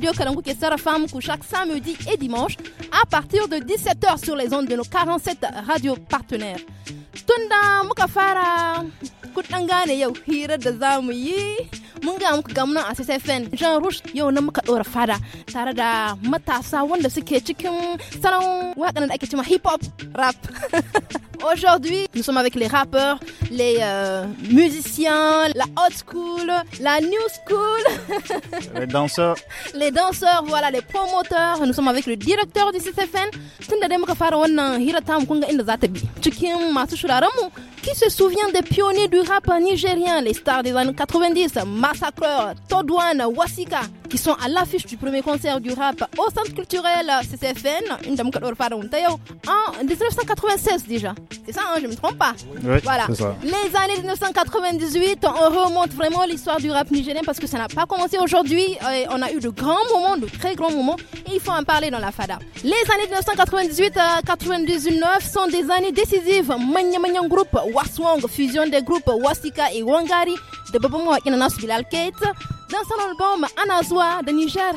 studio Kalangu Kessara Femme chaque samedi et dimanche à partir de 17h sur les ondes de nos 47 radios partenaires. Tunda Mukafara Kutangane Yau Hira de Zamuyi Munga Mukagamna a CCFN Jean Rouge Yau Namuka Ora Fada Tarada Matasa Wanda Sike Chicken Salon Wakana Akechima Hip Hop Rap Aujourd'hui, nous sommes avec les rappeurs, les euh, musiciens, la old school, la new school. les danseurs. Les danseurs, voilà, les promoteurs. Nous sommes avec le directeur du CCFN. Qui se souvient des pionniers du rap nigérien, les stars des années 90, Massacreur, Todwan, Wasika, qui sont à l'affiche du premier concert du rap au centre culturel CCFN, en 1996 déjà. C'est ça, hein, je ne me trompe pas. voilà. Les années 1998, on remonte vraiment l'histoire du rap nigérien parce que ça n'a pas commencé aujourd'hui. on a eu de grands moments, de très grands moments, et il faut en parler dans la FADA. Les années 1998 à 99 sont des années décisives. Manyamanyan Group, Waswang, fusion des groupes Wasika et Wangari, de Bobomo Bilal Kate. Dans son album Anazwa de Niger,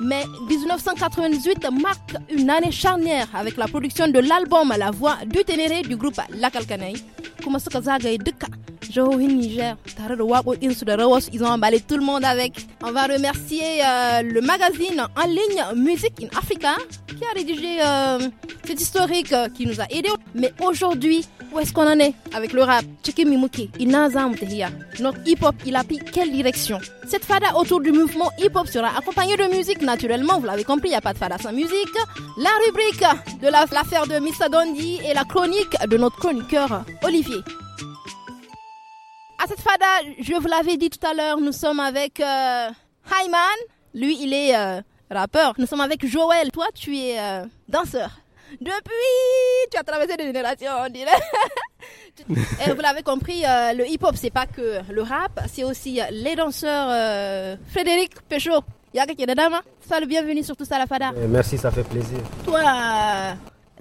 mais 1998 marque une année charnière avec la production de l'album La Voix du Ténéré du groupe La Calcanei. Kuma duka Niger, ils ont emballé tout le monde avec. On va remercier euh, le magazine en ligne Musique in Africa qui a rédigé cette euh, cet historique euh, qui nous a aidé Mais aujourd'hui, où est-ce qu'on en est avec le rap Chikimimuki, Notre hip-hop, il a pris quelle direction Cette fada autour du mouvement hip-hop sera accompagnée de musique naturellement, vous l'avez compris, il n'y a pas de fada sans musique. La rubrique de l'affaire de Mr Dondi et la chronique de notre chroniqueur Olivier. À cette fada, je vous l'avais dit tout à l'heure, nous sommes avec euh, Hyman. Lui, il est euh, rappeur. Nous sommes avec Joël. Toi, tu es euh, danseur. Depuis, tu as traversé des générations, on dirait. Et eh, vous l'avez compris, euh, le hip-hop, c'est pas que le rap, c'est aussi les danseurs. Frédéric Péchaud, Yaga Kedadama, sois le bienvenu sur tout ça, la fada. merci, ça fait plaisir. Toi,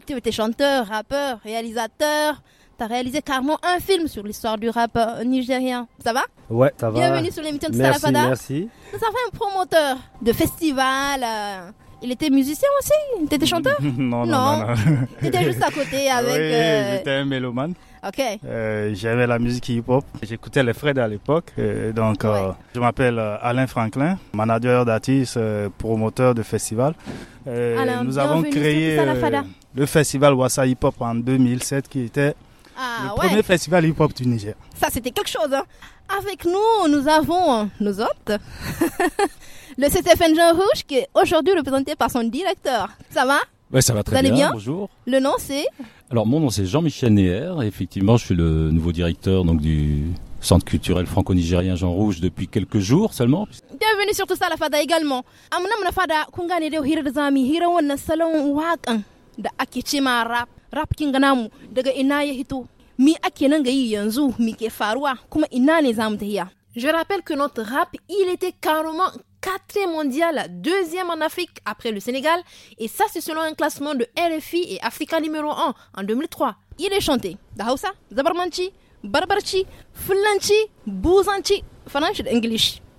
tu es chanteur, rappeur, réalisateur. Tu as réalisé carrément un film sur l'histoire du rap euh, nigérien. Ça va Ouais, ça va. Bienvenue sur l'émission de Salafada. Merci. Ça fait un promoteur de festival. Euh, il était musicien aussi était chanteur Non, non, non. non, juste à côté avec... Oui, j'étais euh, un mélomane. Ok. Euh, J'avais la musique hip-hop. J'écoutais les Fred à l'époque. Donc, je m'appelle Alain Franklin, manager d'artistes, promoteur de festival... nous avons créé le festival Wassa Hip Hop en 2007 qui était ah, le premier festival hip-hop du Niger. Ça, c'était quelque chose. Hein. Avec nous, nous avons hein, nos hôtes. le CCFN Jean Rouge, qui est aujourd'hui représenté par son directeur. Ça va Oui, ça va très bien. Bonjour. Le nom, c'est Alors, mon nom, c'est Jean-Michel Néer. Effectivement, je suis le nouveau directeur donc, du Centre culturel franco-nigérien Jean Rouge depuis quelques jours seulement. Bienvenue sur tout ça, la FADA également. Fada, salon hein, da ma je rappelle que notre rap, il était carrément quatrième mondial, deuxième en Afrique après le Sénégal, et ça c'est selon un classement de RFI et Africa numéro 1 en 2003. Il est chanté Barbarchi,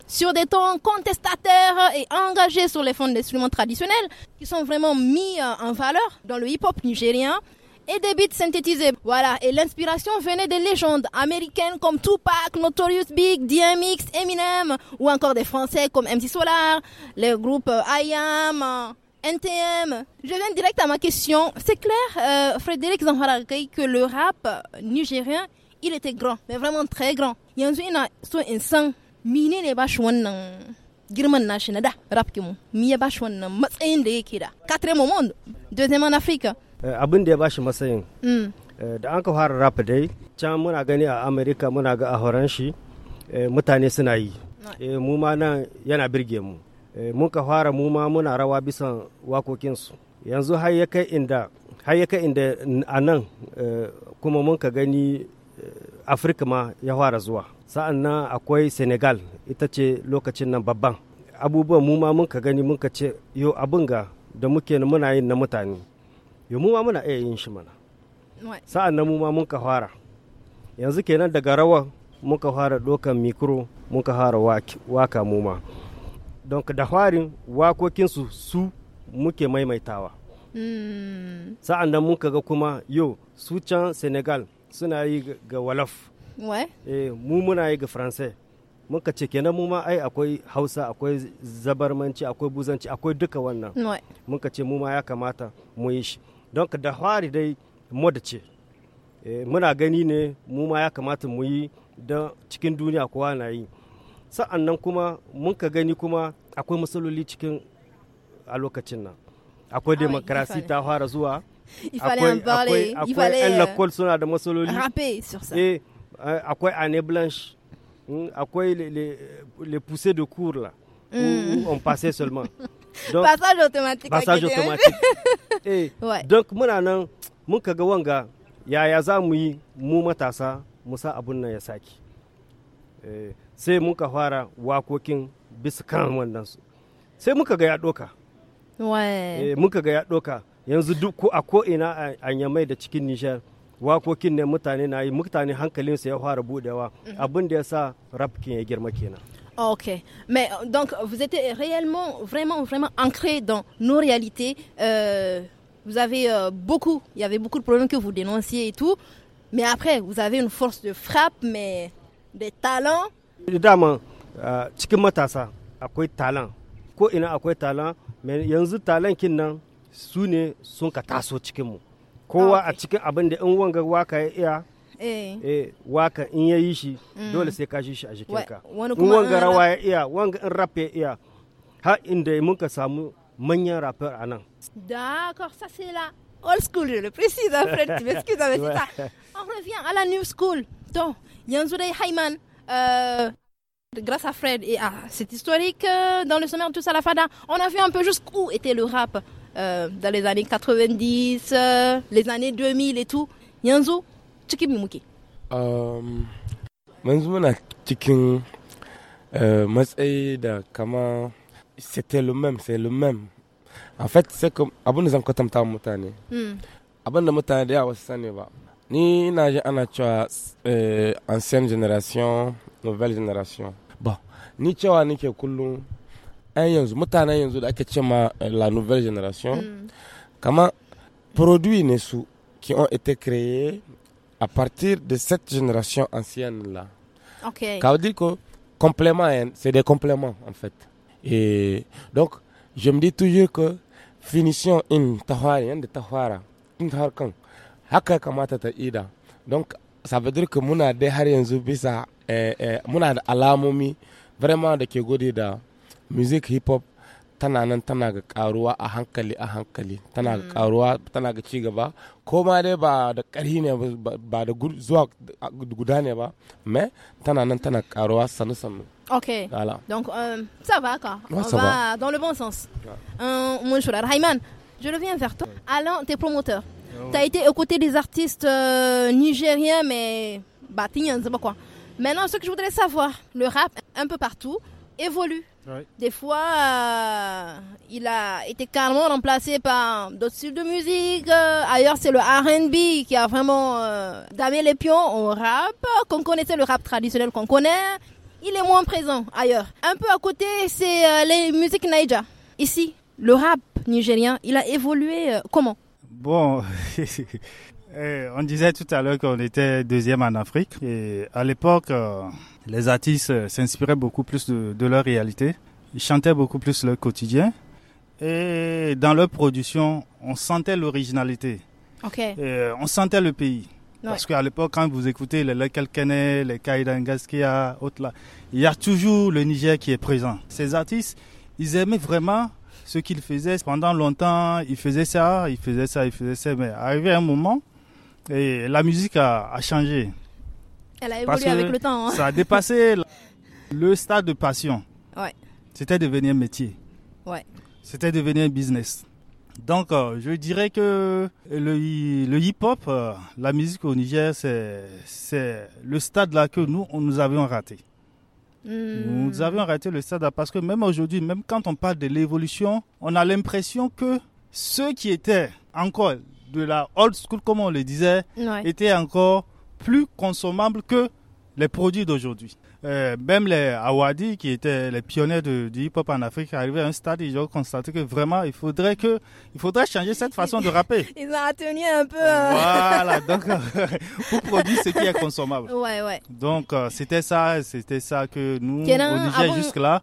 Sur des tons contestataires et engagés sur les fonds d'instruments traditionnels qui sont vraiment mis euh, en valeur dans le hip-hop nigérien et des beats synthétisés. Voilà, et l'inspiration venait des légendes américaines comme Tupac, Notorious Big, DMX, Eminem, ou encore des Français comme MC Solar, les groupes euh, IAM, euh, NTM. Je viens direct à ma question. C'est clair, euh, Frédéric Zanharagay, que le rap nigérien, il était grand, mais vraiment très grand. il y a un ne wannan girman na da rap ya ba wannan matsayin da yake da. monde. Deuxième en Afrique. Eh, abin da ya bashi matsayin mm. eh, da an ka fara rap dai can muna gani a amerika muna ga a shi eh, mutane suna yi mu ma nan yana birge mu mun ka fara mu ma muna rawa bisan wakokinsu yanzu har ya kai inda har ya kai inda a nan kuma mun ka gani afirka ma ya fara zuwa sa'an nan akwai senegal ita ce lokacin nan babban abubuwan mu ma mun ka gani mun ka ce yo abin ga da muke muna yin na mutane yo mu ma muna iya yin shi mana sa'an nan mu ma mun ka fara yanzu kenan daga rawar mun ka fara dokan mikro mun ka fara waka mu ma don da farin wakokinsu su muke maimaitawa hmm. sa'an nan mun ga kuma yau su can senegal suna yi ga walaf eh, mu muna yi ga faransai muka ce kenan mu ma ai akwai hausa akwai zabarmanci akwai buzanci akwai duka wannan muka ce mu ma ya kamata mu yi shi don da hwari dai moda ce eh, muna gani ne mu ma ya kamata mu yi don cikin duniya kowa na yi sa'an nan kuma mun ka gani kuma akwai matsaloli cikin a lokacin nan akwai ah, demokarasi ta fara zuwa akwai 'yan lakol suna da matsaloli eh, eh, akwai anne blanche hmm, akwai le pousser de cour là hmm. on passait seulement passage automatique passage automatique eh donc muna nan mun kaga wanga yaya za mu yi mu matasa musa abun nan ya saki eh, sai muka fara wakokin bisa kan wannan su sai muka ga ya doka eh, muka ga ya doka yanzu duk a ina a yamai da cikin nishar wakokin ne mutane na yi mutane hankalinsu ya fara budewa mhm. abin da ya sa rafkin ya girma kenan Ah, ok, mais euh, donc vous êtes réellement, vraiment, vraiment ancré dans nos réalités. Euh, vous avez euh, beaucoup, il y avait beaucoup de problèmes que vous dénonciez et tout, mais après vous avez une force de frappe, mais des talents. Évidemment, cikin matasa akwai talent ko ina akwai talent mais yanzu talent kin nan su ne son ka taso ah, que mu ah, kowa a cikin abin da in wanga waka ya eh. eh waka in mm. dole sai ka shi a wanga rawa wanga in iya inda samu manyan a nan d'accord ça c'est la old school je le précise Fred Excusez-moi, on revient à la new school donc yanzu dai Hayman euh grâce à Fred et à cette historique euh, dans le sommet de tout ça, la fada, on a vu un peu jusqu'où était le rap euh, dans les années 90, euh, les années 2000 et tout. Yanzo, cikin mu muke manzu um, muna cikin eh, matsayi da kama c'était le même c'est le même en fait c'est comme abin da zan kwatanta mutane hmm. abin da mutane da yawa sani ba ni ina ji ana cewa eh, ancienne generation nouvelle generation Bon, ni cewa nike kullum yan yanzu mutanen yanzu da ake ce ma eh, la nouvelle generation hmm. kama produit ne su qui ont été créés à partir de cette génération ancienne-là. OK. Quand on que complément, hein, c'est des compléments en fait. Et donc, je me dis toujours que finition une tahwari, une hein, de une in haka kamata ta ida. Donc, ça veut dire que muna des har yanzu bisa, eh, eh, vraiment de ke de da hip hop tana nan tana ga karuwa a hankali a hankali tana ga mm. karuwa tana ga ci gaba ko ma dai ba da ƙarhi ne ba da zuwa guda ba mais tana nan tana karuwa sanu sanu ok voilà. donc um ça va quoi ça va, dans le bon sens euh, mon Rayman, Hayman je reviens vers toi Alain t'es promoteur t'as été aux côtés des artistes euh, nigériens mais bah t'es quoi maintenant ce que je voudrais savoir le rap un peu partout évolue des fois, euh, il a été carrément remplacé par d'autres styles de musique. Euh, ailleurs, c'est le RB qui a vraiment euh, les pions au rap, qu'on connaissait le rap traditionnel qu'on connaît. Il est moins présent ailleurs. Un peu à côté, c'est euh, les musiques Naija. Ici, le rap nigérien, il a évolué comment Bon, Eh, on disait tout à l'heure qu'on était deuxième en Afrique et à l'époque, euh, les artistes euh, s'inspiraient beaucoup plus de, leur réalité. Ils chantaient beaucoup plus leur quotidien et dans leur production, on sentait l'originalité. Euh, on sentait le pays. Parce qu'à l'époque, quand vous écoutez les Lekelkene, les Kaidangaskia, autres là, il y a toujours le Niger qui est présent. Ces artistes, ils aimaient vraiment ce qu'ils faisaient pendant longtemps. Ils faisaient ça, ils faisaient ça, ils faisaient ça. Mais arrivé un moment, et la musique a, changé. Elle a évolué avec le temps. Hein. Ça a dépassé le stade de passion. Ouais. C'était devenu un métier. Ouais. C'était devenu un business. Donc, euh, je dirais que le, le hip-hop, euh, la musique au Niger, c'est le stade là que nous, on, nous avions raté. Hmm. Nous avions raté le stade là parce que même aujourd'hui, même quand on parle de l'évolution, on a l'impression que ceux qui étaient encore la old school, comme on le disait, était encore plus consommable que les produits d'aujourd'hui. Euh, même les Awadi, qui étaient les pionniers du hip-hop en Afrique, arrivaient à un stade, ils ont constaté que vraiment, il faudrait que, il faudrait changer cette façon de rapper. Ils ont tenu un peu. Euh, voilà, donc euh, pour produire ce qui est consommable. Donc c'était ça, c'était ça que nous on disait jusque là.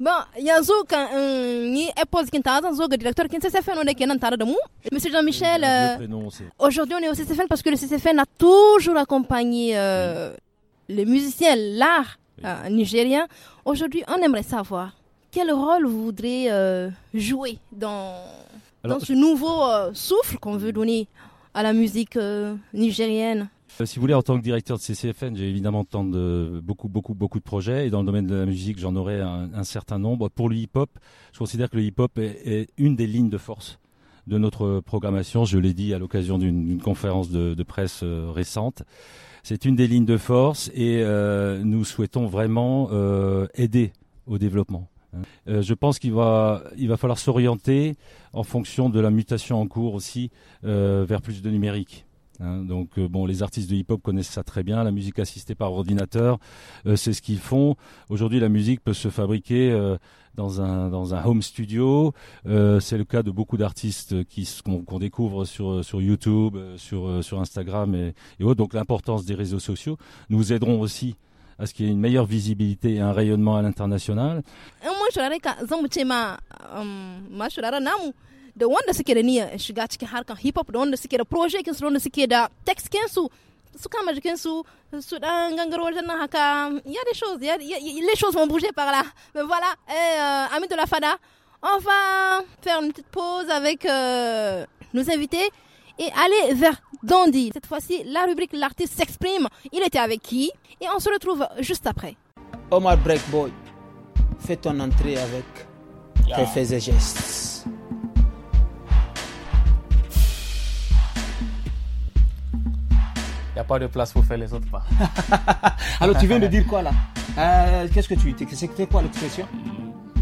Bon, yanzu kan un Apple kin ta zan zo ga directeur qui kin CCFN on est kenan tare de mu. Monsieur Jean-Michel, euh, aujourd'hui on est au CCFN parce que le CCFN a toujours accompagné euh, mm. les musiciens, l'art euh, nigérien. Aujourd'hui, on aimerait savoir quel rôle vous voudrez euh, jouer dans, dans ce nouveau souffle qu'on veut mm. donner à la musique nigérienne. Euh, si vous voulez, en tant que directeur de CCFN, j'ai évidemment de, beaucoup, beaucoup, beaucoup de projets. Et dans le domaine de la musique, j'en aurai un, certain nombre. Pour le hip-hop, je considère que le hip-hop est, une des lignes de force de notre programmation. Je l'ai dit à l'occasion d'une conférence de, presse euh, récente. C'est une des lignes de force et euh, nous souhaitons vraiment aider au développement. je pense qu'il va, il va falloir s'orienter en fonction de la mutation en cours aussi vers plus de numérique. Hein. donc euh, bon, les artistes de hip-hop connaissent ça très bien. La musique assistée par ordinateur, euh, c'est ce qu'ils font. Aujourd'hui, la musique peut se fabriquer euh, dans un home studio. c'est le cas de beaucoup d'artistes qu'on découvre sur YouTube, sur Instagram et, autres. Donc l'importance des réseaux sociaux nous aideront aussi à ce qu'il y ait une meilleure visibilité et un rayonnement à l'international da wanda suke da niyan shiga cikin harkar hip hop da wanda suke da project kinsu da wanda suke da text kinsu su kama jikin su dan gangaro wajen nan haka ya des choses ya les choses vont bouger par là mais voilà eh, euh, amis de la fada on va faire une petite pause avec euh, nos invités et aller vers Dandy. Cette fois-ci, la rubrique L'artiste s'exprime. Il était avec qui Et on se retrouve juste après. Omar Breakboy, fais ton entrée avec yeah. tes faits et gestes. Il n'y a pas de place pour faire les autres pas. Alors, tu viens de dire quoi là euh, Qu'est-ce que tu. C'était quoi l'expression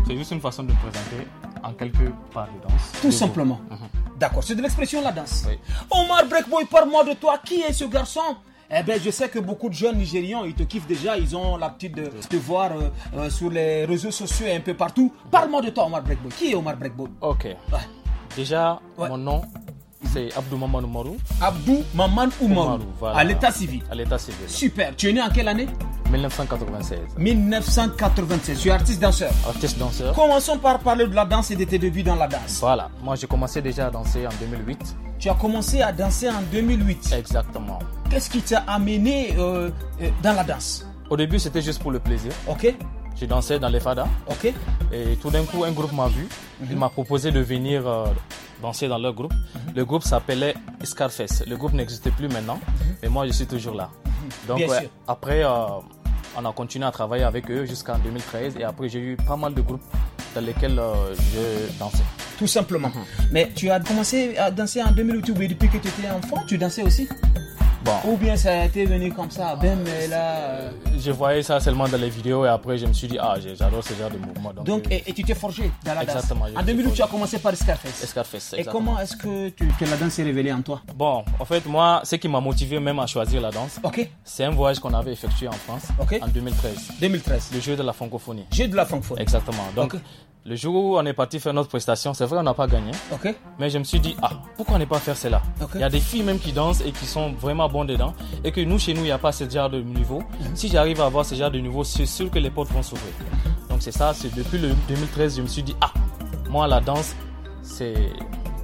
C'est juste une façon de présenter en quelques part de danse. Tout simplement. Mhm. D'accord, c'est de l'expression la danse. Omar Breakboy, parle-moi de toi. Qui est ce garçon eh bien, je sais que beaucoup de jeunes Nigérians, ils te kiffent déjà, ils ont l'habitude de te voir euh, euh, sur les réseaux sociaux et un peu partout. Parle-moi de toi, Omar Breakboy. Qui est Omar Breakboy Ok. Déjà, mon nom, c'est Abdou Maman Oumarou. Abdou Maman Oumarou. À l'état civil. À l'état civil. Super. Tu es né en quelle année 1996. 1996. Tu es artiste danseur. Artiste danseur. Commençons par parler de la danse et de tes débuts dans la danse. Voilà. Moi, j'ai commencé déjà à danser en 2008. Tu as commencé à danser en 2008. Exactement. Qu'est-ce qui t'a amené euh, euh, dans la danse Au début, c'était juste pour le plaisir. Ok. J'ai dansé dans les fadas. Ok. Et tout d'un coup, un groupe m'a vu. Il m'a proposé de venir. Euh, danser dans leur groupe. Le groupe s'appelait Scarface. Le groupe n'existe plus maintenant, mais moi je suis toujours là. Donc après, euh, on a continué à travailler avec eux jusqu'en 2013 et après j'ai eu pas mal de groupes dans lesquels euh, je dansais. Tout simplement. Mhm. Mais tu as commencé à danser en 2008 depuis que tu étais enfant, tu dansais aussi ou bien ça a été venu comme ça, ben mais là. Euh. Je voyais ça seulement dans les vidéos et après je me suis dit, ah, j'adore ce genre de mouvement. Donc, euh, et, tu t'es forgé dans la exactement, En 2000 tu as commencé par Scarface. Scarface, exactement. Et comment est-ce que la danse s'est révélée en toi Bon, en fait, moi, ce qui m'a motivé même à choisir la danse, c'est un voyage qu'on avait effectué en France en 2013. 2013. Le jeu de la francophonie. Jeu de la francophonie. Exactement. Donc, le jour où on est parti faire notre prestation, c'est vrai, on n'a pas gagné. Mais je me suis dit, ah, pourquoi on n'est pas faire cela Il y a des filles même qui dansent et qui sont vraiment bonnes dedans. Et que nous, chez nous, il n'y a pas ce genre de niveau. Mhm. Si j'arrive à avoir ce genre de niveau, c'est sûr que les portes vont s'ouvrir. Donc c'est ça, c'est depuis le 2013, je me suis dit, ah, moi, la danse, c'est...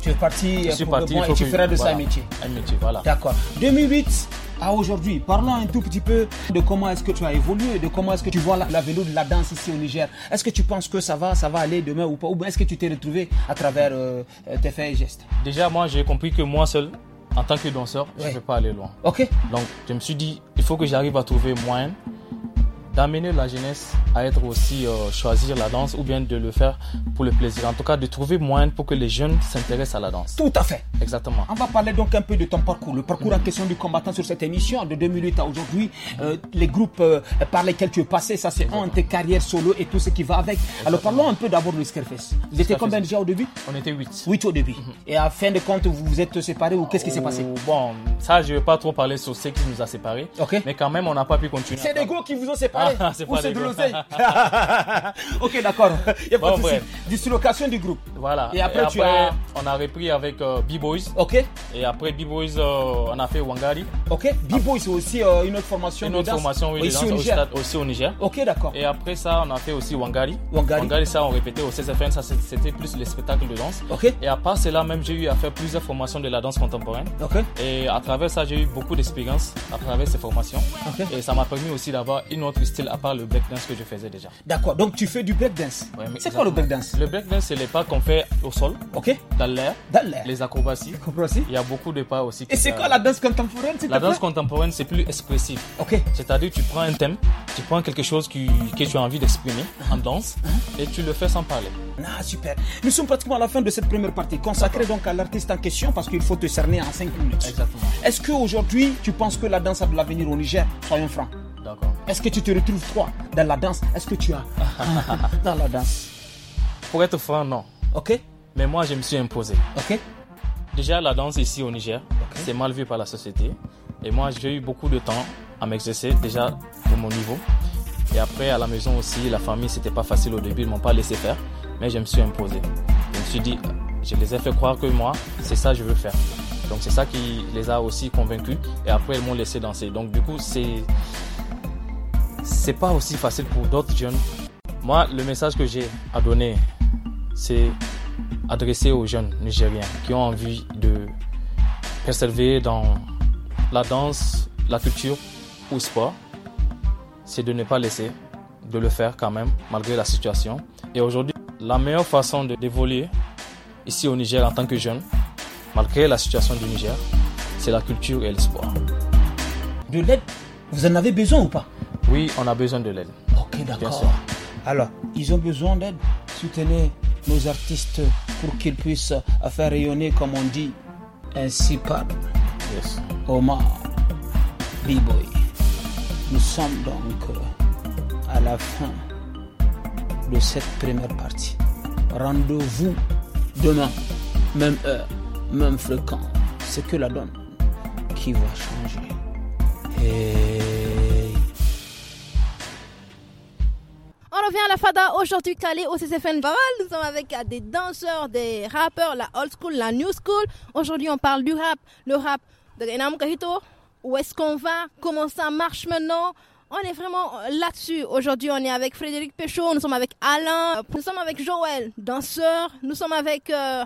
Tu es parti, pour parti, le bon, et tu feras de ça un métier. Un métier, voilà. D'accord. 2008, aujourd'hui. Parlons un tout petit peu de comment est-ce que tu as évolué, de comment est-ce que tu vois la, vélo de la danse ici au Niger. Est-ce que tu penses que ça va, ça va aller demain ou pas Ou est-ce que tu t'es retrouvé à travers euh, euh, tes faits et gestes Déjà, moi, j'ai compris que moi seul, en tant que danseur, je ne vais pas aller loin. Ok. Donc, je me suis dit, il faut que j'arrive à trouver moyen d'amener la jeunesse à être aussi euh, choisir la danse ou bien de le faire pour le plaisir. En tout cas, de trouver moyen pour que les jeunes s'intéressent à la danse. Tout à fait. Exactement. On va parler donc un peu de ton parcours, le parcours en question du combattant sur cette émission de 2008 à aujourd'hui, euh, les groupes euh, par lesquels tu es passé, ça c'est entre carrière solo et tout ce qui va avec. Alors parlons un peu d'abord de Scarface. Vous étiez combien déjà au début On était 8. 8 au début. Mhm. Et à fin de compte, vous vous êtes séparés ou qu'est-ce qui s'est passé Bon, ça je ne vais pas trop parler sur ce qui nous a séparés. Mais quand même, on n'a pas pu continuer. C'est des gars qui vous ont séparés ah, c'est de l'oseille Ok, d'accord. Il n'y a de Dislocation du groupe. Voilà. Et après, tu on a repris avec euh, B-Boys. Ok. Et après B-Boys, euh, on a fait Wangari. Ok. B-Boys, aussi euh, une autre formation. Une autre formation, Aussi, au Niger. Ok, d'accord. Et après ça, on a fait aussi Wangari. Wangari. Wangari ça, on répétait au CSFN. Ça, c'était plus les spectacles de danse. Ok. Et à part cela, même, j'ai eu à faire plusieurs formations de la danse contemporaine. Ok. Et à travers ça, j'ai eu beaucoup d'expérience à travers ces formations. Ok Et ça m'a permis aussi d'avoir une autre histoire à part le breakdance que je faisais déjà. D'accord, donc tu fais du breakdance. dance. c'est quoi le breakdance Le breakdance, c'est les pas qu'on fait au sol, ok, dans l'air, les acrobaties. acrobaties. Il y a beaucoup de pas aussi. Et c'est quoi la danse contemporaine La danse contemporaine, c'est plus expressif. Ok. C'est-à-dire, tu prends un thème, tu prends quelque chose qui, que tu as envie d'exprimer uh-huh. en danse uh-huh. et tu le fais sans parler. Ah, super. Nous sommes pratiquement à la fin de cette première partie, consacrée donc à l'artiste en question parce qu'il faut te cerner en 5 minutes. Exactement. Est-ce qu'aujourd'hui, tu penses que la danse a de l'avenir au Niger Soyons francs. Est-ce que tu te retrouves froid dans la danse Est-ce que tu as dans la danse Pour être franc, non. Ok. Mais moi, je me suis imposé. Ok. Déjà, la danse ici au Niger, c'est mal vu par la société. Et moi, j'ai eu beaucoup de temps à m'exercer déjà de mon niveau. Et après, à la maison aussi, la famille, c'était pas facile au début, ils m'ont pas laissé faire. Mais je me suis imposé. Je me suis dit, je les ai fait croire que moi, c'est ça que je veux faire. Donc c'est ça qui les a aussi convaincus. Et après, ils m'ont laissé danser. Donc du coup, c'est c'est pas aussi facile pour d'autres jeunes. Moi, le message que j'ai à donner, c'est adressé aux jeunes nigériens qui ont envie de persévérer dans la danse, la culture ou le sport. C'est de ne pas laisser, de le faire quand même, malgré la situation. Et aujourd'hui, la meilleure façon d'évoluer ici au Niger en tant que jeune, malgré la situation du Niger, c'est la culture et le sport. De l'aide, vous en avez besoin ou pas oui, on a besoin de l'aide. Ok, d'accord. Alors, ils ont besoin d'aide. Soutenez nos artistes pour qu'ils puissent faire rayonner, comme on dit, ainsi par yes. Omar B-Boy. Nous sommes donc euh, à la fin de cette première partie. Rendez-vous demain, même heure, même fréquent. C'est que la donne qui va changer. Et... revient à la Fada aujourd'hui calé au CCFN Baral. Nous sommes avec des danseurs, des rappeurs, la old school, la new school. Aujourd'hui, on parle du rap, le rap de Renam Kahito. Où est-ce qu'on va Comment ça marche maintenant on est vraiment euh, là-dessus. Aujourd'hui, on est avec Frédéric Péchaud, nous sommes avec Alain, euh, nous sommes avec Joël, danseur, nous sommes avec euh,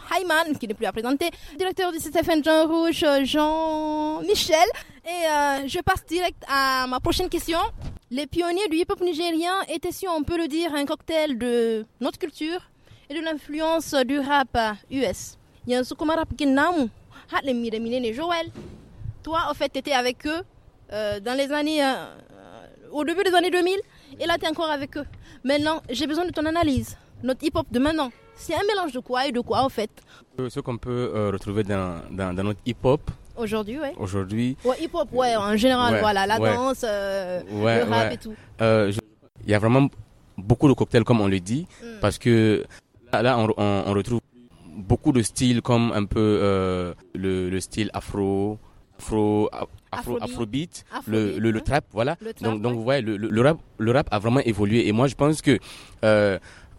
qui n'est plus à présenter, directeur du CCFN Jean Rouge, euh, Jean-Michel. Et euh, je passe direct à ma prochaine question. Les pionniers du hip-hop nigérien étaient, si on peut le dire, un cocktail de notre culture et de l'influence du rap US. Euh, un rap et Joël. Toi, en fait, tu étais avec eux euh, dans les années, au début des années 2000 et là, tu es encore avec eux. Maintenant, j'ai besoin de ton analyse. Notre hip-hop de maintenant, c'est un mélange de quoi et de quoi, en fait Ce qu'on peut retrouver dans notre hip-hop, Aujourd'hui, ouais. Aujourd'hui. Ouais, hip-hop, ouais, en général, voilà, la danse, euh, le rap et tout. Euh, il y a vraiment beaucoup de cocktails, comme on le dit, mm. parce que là, on, retrouve beaucoup de styles, comme un peu euh, le, style afro, afro, afro, afrobeat, hein. le, trap, voilà. donc, vous voyez, le, rap, le rap a vraiment évolué. Et moi, je pense que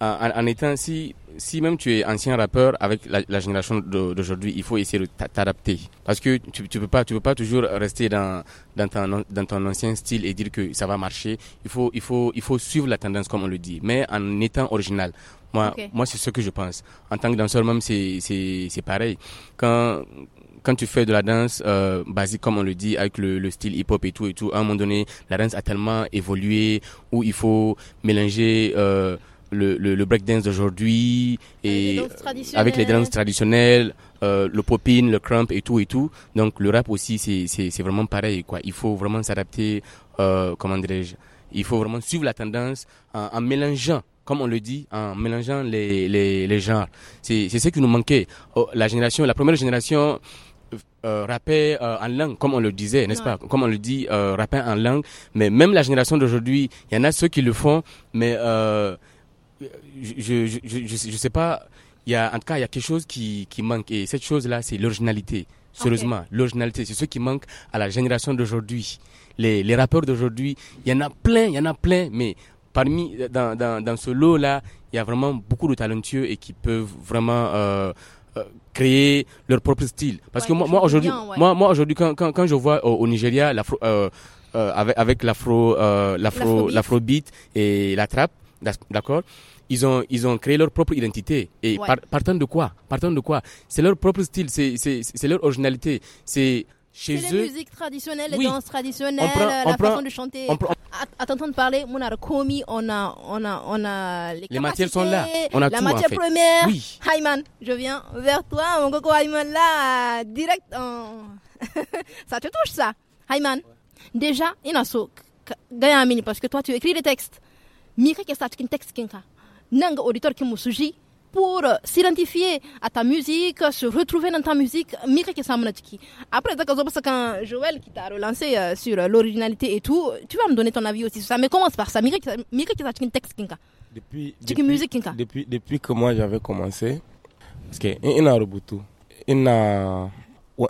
en, en, étant si si même tu es ancien rappeur avec la, la génération d'aujourd'hui, il faut essayer de t'adapter parce que tu, tu peux pas tu peux pas toujours rester dans dans ton, dans ton ancien style et dire que ça va marcher. Il faut il faut il faut suivre la tendance comme on le dit, mais en étant original. Moi moi c'est ce que je pense. En tant que danseur même c'est c'est c'est pareil. Quand quand tu fais de la danse euh, basique, comme on le dit, avec le, le style hip-hop et tout et tout, à un moment donné, la danse a tellement évolué où il faut mélanger euh, le, le, le breakdance d'aujourd'hui et avec les danses traditionnelles, euh, le popping, le crump et tout et tout. Donc le rap aussi c'est vraiment pareil quoi. Il faut vraiment s'adapter, euh, comment dirais-je Il faut vraiment suivre la tendance en, en, mélangeant. Comme on le dit, en mélangeant les, les, les genres. C'est ce qui nous manquait. Oh, la génération, la première génération, euh, rapper euh, en langue, comme on le disait, n'est-ce pas Comme on le dit, euh, rapper en langue. Mais même la génération d'aujourd'hui, il y en a ceux qui le font, mais euh, je, je, je, je sais pas. Il y a, en tout cas, il y a quelque chose qui, qui manque. Et cette chose-là, c'est l'originalité. Sérieusement, l'originalité, c'est ce qui manque à la génération d'aujourd'hui. Les, les rappeurs d'aujourd'hui, il y en a plein, il y en a plein, mais parmi, dans, dans, dans ce lot-là, il y a vraiment beaucoup de talentueux et qui peuvent vraiment euh, euh, créer leur propre style. Parce que moi, moi aujourd'hui, moi, moi aujourd'hui, quand, quand, quand, je vois euh, au, Nigeria, avec, avec l'afro, l'afro, l'afrobeat et la trappe, D'accord ils ont, ils ont créé leur propre identité. Et partant de quoi Partant de quoi C'est leur propre style, c'est leur originalité. C'est chez eux. C'est la musique traditionnelle, les danses traditionnelles, prend, la façon de chanter. à, t'entendre parler, on a commis, on a, on a, on a les, matières sont là. On a la tout, matière première. Oui. Hayman, je viens vers toi, mon coco Hayman là, direct. ça te touche ça, Hayman ouais. Déjà, il un mini, parce que toi tu écris les textes me kake sa cikin text kinka nan ga auditor kin su ji pour s'identifier à ta musique, se retrouver dans ta musique, mire que ça me Après Après, quand Joël qui t'a relancé sur l'originalité et tout, tu vas me donner ton avis aussi sur ça. Mais commence par ça. Mire que ça un texte kinka. Depuis, depuis, que moi j'avais commencé, parce que il a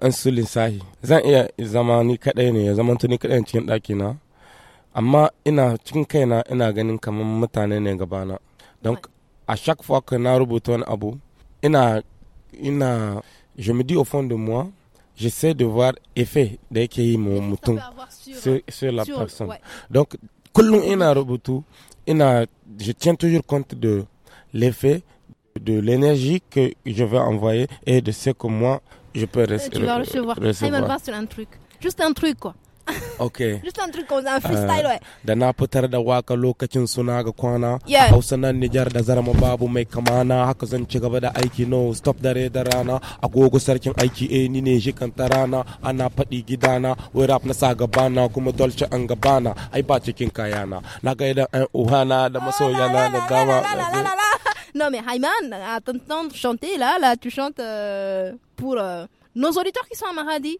un seul lissahi zan iya a ni kadai ne ya zama tuni kadai cikin amma ina ina mutane chaque fois que na rubuta wani abu ina ina je me dis au fond de moi j'essaie de voir effet da yake yi sur, la personne donc ina rubutu ina je tiens toujours compte de l'effet de l'énergie que je vais envoyer et de ce que moi je peux euh, recevoir. Tu vas recevoir. Ah, sur un truc. Juste un truc, quoi. ok justin freestyle uh, da na fitar da waka lokacin suna ga kwana yeah. hausa nan nijar da zarama babu mai kamana haka zan ci gaba da aiki no stop dare da rana agogo sarkin aiki eh ni ne shi kanta rana ana faɗi gidana wai rap na sa gabana kuma dolce an gabana ai ba cikin kayana na ga idan an uhana da masoyana da dama non mais Hayman, à t'entendre chanter là, là, tu chantes euh, pour euh, nos auditeurs qui sont à Maradi.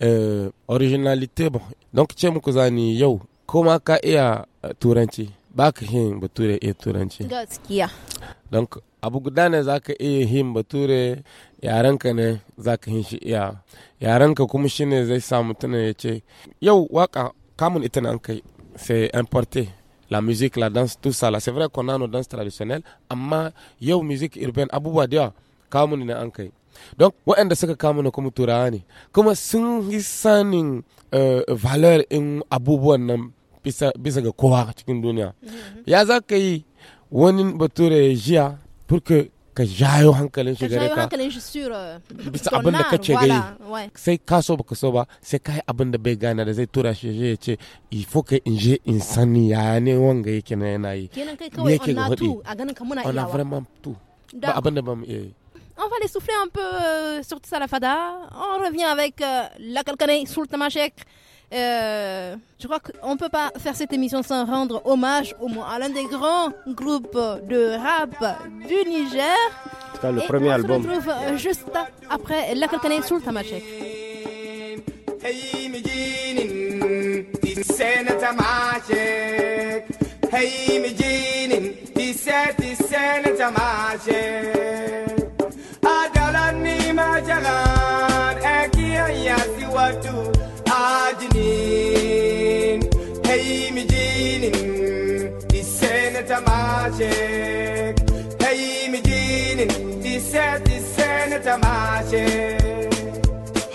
eh, originalité bon donc ce muku cousin yo comment ma ka iya e euh, turanci ba ka yin bature e turanci gaskiya donc abu guda ne za ka iya e yin bature yarenka ne za ka yin shi iya e yarenka kuma shi ne zai sa mutum ya ce yau waka kamun ita nan kai sai importe la musique la danse tout ça là c'est vrai qu'on a nos danses traditionnelles amma yau musique urbaine abubuwa da yawa kamun ne an kai don waɗanda suka kama na kuma turawa ne kuma sun yi sanin eh, valar in abubuwan nan bisa ga kowa cikin duniya mm-hmm. ya za ka yi wani bature jiya purke ka jayo hankalin shi gare ka eh, bisa abin da kace yi sai ka so baka so ba sai ka yi abin da bai gane da zai tura shi ya ce ifo ka in je in sani ya ne wanga yake na yana yi kenan kai kawai on na tu a ganin ka muna iyawa on na vraiment tu ba abin da ba mu iya yi on va les souffler un peu sur tout ça la fada. On revient avec la calcanée sous je crois qu'on ne peut pas faire cette émission sans rendre hommage au moins à l'un des grands groupes de rap du Niger. C'est le premier album. On se retrouve juste après la Hey sous Hey, majalan ekiyasi watu ajinin hey mijinin dissene tamashek hey mijinin disse dissene tamashek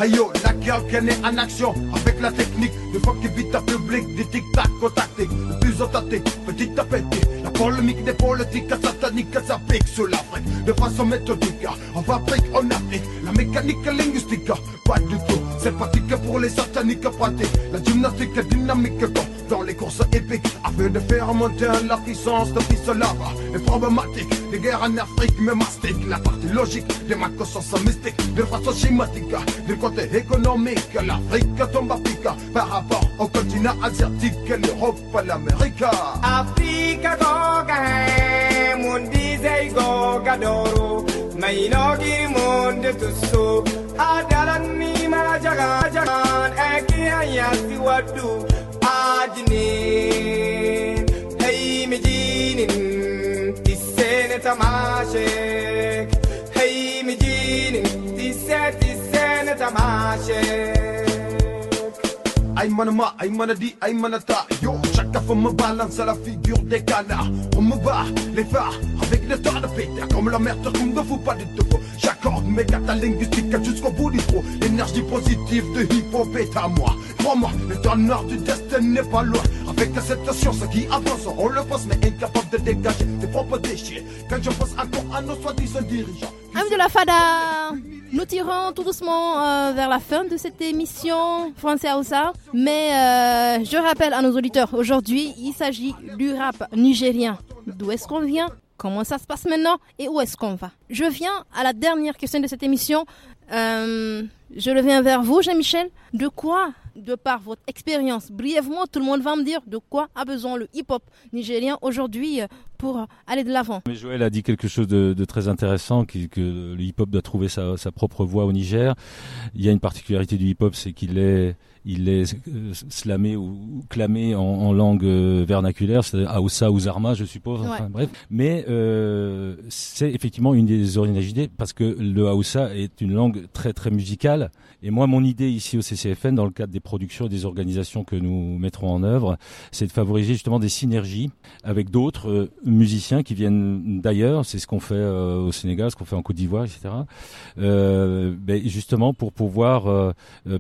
Ayo, hey la girl qu'elle est en action avec la technique. De fois que vite ta public, des tic-tac au tactique, plus au tactique, petit à petit polémique des politiques à satanique s'applique sur l'Afrique de façon méthodique. En Afrique, en Afrique, la mécanique linguistique, pas du tout. C'est pratique pour les sataniques pratiques. La gymnastique dynamique, dans les courses épiques afin de faire monter la puissance de cela est problématique. Les guerres en Afrique me mastique la partie logique de ma conscience mystique de façon schématique. Du côté économique, l'Afrique tombe à pic par rapport au continent asiatique, l'Europe, l'Amérique. Africa goga mundize goga doro mainogi munde monde adalan ma jaga jagan eki hayati wadu عدني هي مدينة تسانة تمعشك هي مدينة تسانة تسانة تمعشك Aïe mën ma Aïe Manata yo chaque fois me balance à la figure des canards on me bat les phares avec le tas de pétards comme la merde comme ne fout pas du tout j'accorde mes cartes linguistiques jusqu'au bout du trou l'énergie positive de hip hop à moi crois-moi le donneur du destin n'est pas loin avec cette science qui avance on le pense mais incapable de dégager tes propres déchets quand je pense encore à nos soi-disant dirigeants Ami de la Fada nous tirons tout doucement euh, vers la fin de cette émission Français ça mais euh, je rappelle à nos auditeurs, aujourd'hui, il s'agit du rap nigérien. D'où est-ce qu'on vient Comment ça se passe maintenant Et où est-ce qu'on va Je viens à la dernière question de cette émission. Euh, je viens vers vous, Jean-Michel. De quoi de par votre expérience, brièvement, tout le monde va me dire de quoi a besoin le hip-hop nigérien aujourd'hui euh, pour aller de l'avant. Mais Joël a dit quelque chose de, très intéressant, que, le hip-hop doit trouver sa, propre voie au Niger. Il y a une particularité du hip-hop, c'est qu'il est il est euh, slamé ou clamé en, langue euh, vernaculaire, c'est Aoussa ou Zarma, je suppose. bref, mais euh, c'est effectivement une des origines originalités parce que le Aoussa est une langue très très musicale. Et moi, mon idée ici au CCFN, dans le cadre des productions et des organisations que nous mettrons en œuvre, c'est de favoriser justement des synergies avec d'autres musiciens qui viennent d'ailleurs. C'est ce qu'on fait au Sénégal, ce qu'on fait en Côte d'Ivoire, etc. Ben, justement pour pouvoir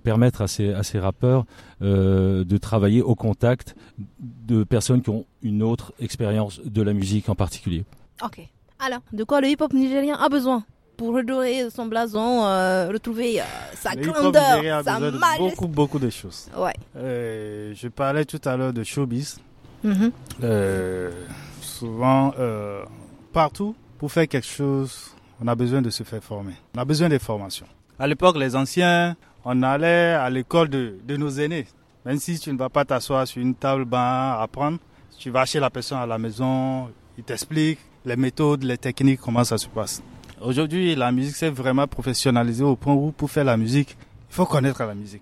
permettre à ces, à ces peur euh, de travailler au contact de personnes qui ont une autre expérience de la musique en particulier. Ok. Alors, de quoi le hip-hop nigérien a besoin pour redorer son blason, euh, retrouver euh, sa grandeur, sa majesté. Beaucoup, beaucoup de choses. Ouais. je parlais tout à l'heure de showbiz. Mm-hmm. souvent, partout, pour faire quelque chose, on a besoin de se faire former. On a besoin des formations. À l'époque, les anciens, on allait à l'école de, nos aînés. Même si tu ne vas pas t'asseoir sur une table, ben, apprendre, tu vas chez la personne à la maison, il t'explique les méthodes, les techniques, comment ça se passe. Aujourd'hui, la musique s'est vraiment professionnalisée au point où pour faire la musique, il faut connaître la musique.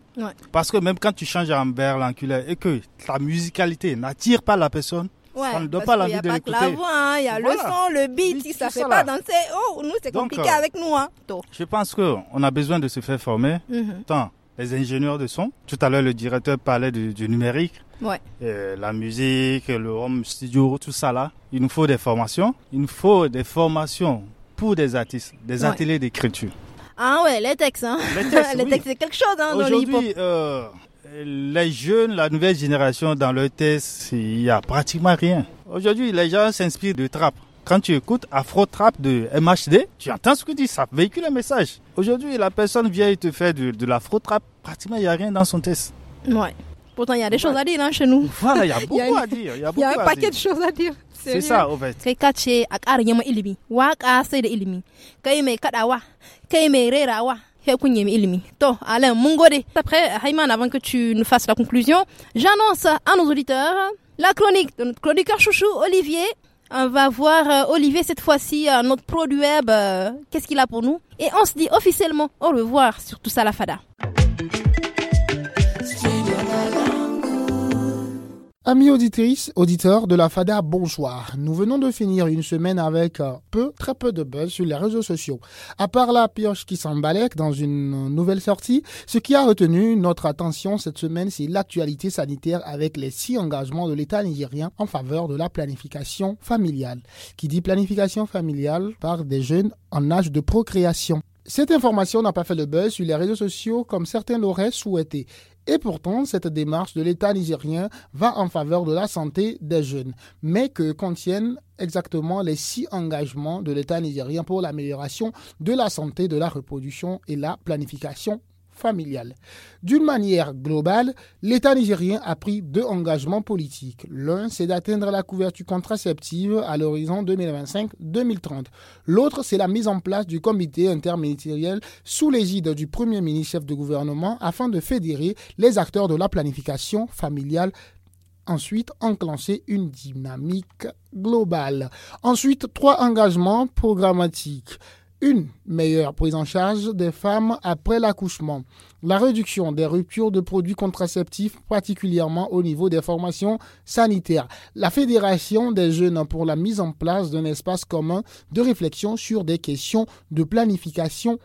Parce que même quand tu changes en verre, l'enculé, et que ta musicalité n'attire pas la personne, on ne doit pas l'envie de l'écouter. Il n'y a pas la voix, hein, il y a le son, le beat, si ça ne fait pas danser, oh, nous c'est compliqué euh, avec nous. Hein, je pense qu'on a besoin de se faire former. Mhm. Tant les ingénieurs de son, tout à l'heure le directeur parlait du, numérique, euh, la musique, le home studio, tout ça là. Il nous faut des formations, il nous faut des formations pour des artistes, des ateliers d'écriture. Ah ouais, les textes, hein. Les textes, c'est quelque chose, hein, Aujourd'hui, les jeunes, la nouvelle génération, dans leur test, il n'y a pratiquement rien. Aujourd'hui, les gens s'inspirent de trap. Quand tu écoutes Afro Trap de MHD, tu entends ce que dit, ça véhicule un message. Aujourd'hui, la personne vient et te fait de, l'Afro Trap, pratiquement il n'y a rien dans son test. Ouais. Pourtant, il y a des choses à dire hein, chez nous. Voilà, il y a beaucoup à dire. Il y a, y a un paquet de choses à dire. C'est ça, en fait. il y a choses après, Raymond, avant que tu nous fasses la conclusion, j'annonce à nos auditeurs la chronique de notre chroniqueur chouchou, Olivier. On va voir euh, Olivier cette fois-ci, euh, notre produit web, euh, qu'est-ce qu'il a pour nous. Et on se dit officiellement au revoir sur tout ça la fada. Amis auditrices, auditeurs de la FADA, bonsoir. Nous venons de finir une semaine avec euh, peu, très peu de buzz sur les réseaux sociaux. À part la pioche qui s'emballait dans une euh, nouvelle sortie, ce qui a retenu notre attention cette semaine, c'est l'actualité sanitaire avec les six engagements de l'État nigérien en faveur de la planification familiale. Qui dit planification familiale par des jeunes en âge de procréation. Cette information n'a pas fait le buzz sur les réseaux sociaux comme certains l'auraient souhaité. Et pourtant, cette démarche de l'État nigérien va en faveur de la santé des jeunes. Mais que contiennent exactement les six engagements de l'État nigérien pour l'amélioration de la santé, de la reproduction et la planification familiale. D'une manière globale, l'État nigérien a pris deux engagements politiques. L'un, c'est d'atteindre la couverture contraceptive à l'horizon 2025-2030. L'autre, c'est la mise en place du comité interministériel sous l'égide du Premier ministre chef de gouvernement afin de fédérer les acteurs de la planification familiale ensuite enclencher une dynamique globale. Ensuite, trois engagements programmatiques une meilleure prise en charge des femmes après l'accouchement, la réduction des ruptures de produits contraceptifs, particulièrement au niveau des formations sanitaires, la Fédération des jeunes pour la mise en place d'un espace commun de réflexion sur des questions de planification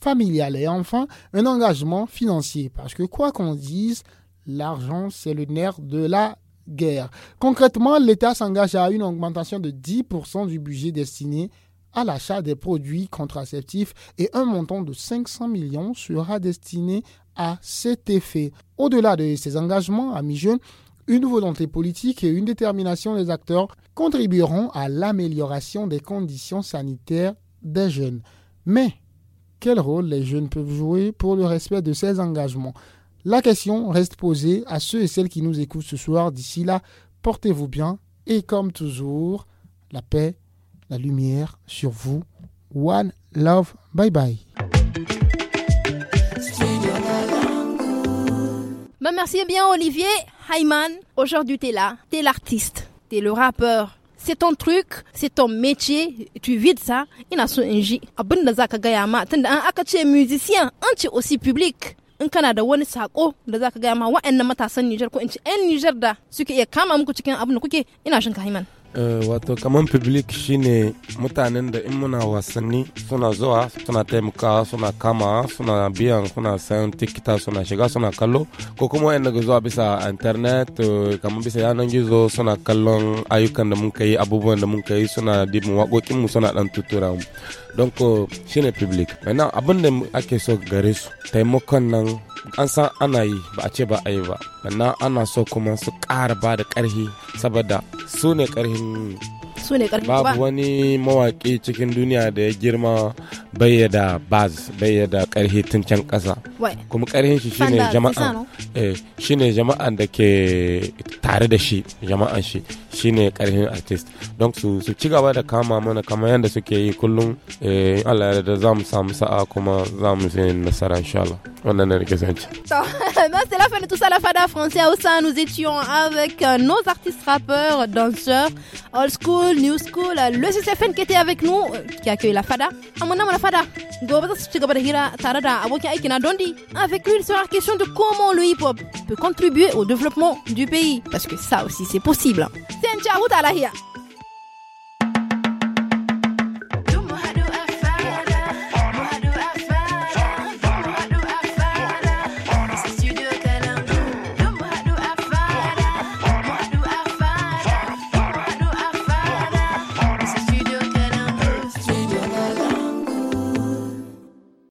familiale et enfin un engagement financier, parce que quoi qu'on dise, l'argent c'est le nerf de la guerre. Concrètement, l'État s'engage à une augmentation de 10% du budget destiné à l'achat des produits contraceptifs et un montant de 500 millions sera destiné à cet effet. Au-delà de ces engagements, à mi jeunes, une volonté politique et une détermination des acteurs contribueront à l'amélioration des conditions sanitaires des jeunes. Mais quel rôle les jeunes peuvent jouer pour le respect de ces engagements La question reste posée à ceux et celles qui nous écoutent ce soir. D'ici là, portez-vous bien et comme toujours, la paix la lumière sur vous. One love, bye bye. Bah merci bien Olivier Hyman. Aujourd'hui t'es là, t'es l'artiste, t'es le rappeur. C'est ton truc, c'est ton métier, tu vides ça. Il a son Abunda zaka gaya ma, tanda an hein, aka ce musicien, an hein, aussi public. Un Canada da sako da zaka gayama. ma wa'annan matasan Niger ko in ce 'yan Niger da suke iya kama muku cikin abin kuke ina shin ka Eh, wato kaman public shine mutanen da in muna wasanni suna zuwa suna taimakawa suna kama suna biyan suna sayan tikita suna shiga suna kallo ko kuma wa'anda ga zuwa bisa internet eh, kaman bisa yanar gizo suna kallon ayyukan da muka yi abubuwan da muka yi suna dibin waƙoƙinmu suna ɗan tutura don ko shine public maintenant abin da ake so gare su taimakon nan an san ana yi ba a ce ba a yi ba maintenant ana so kuma su ƙara ba da ƙarfi saboda su ne ƙarfin su ne karfi ba babu wani mawaki cikin duniya da ya girma bayyada baz bayyada karhi tun can kasa kuma karhin shi shine jama'a eh shine jama'an da ke tare da shi jama'an shi shine karhin artist don su su ci gaba da kama mana kamar yadda suke yi kullum eh Allah ya da zamu samu sa'a kuma zamu yi nasara insha Allah wannan ne rike sanci c'est la fin de tout ça la fada française au sein nous étions avec euh, nos artistes rappeurs danseurs old school School, New School, le CCFN qui était avec nous, qui a accueilli la FADA. nom, la FADA. Avec lui, il sera question de comment le hip-hop peut contribuer au développement du pays. Parce que ça aussi, c'est possible. C'est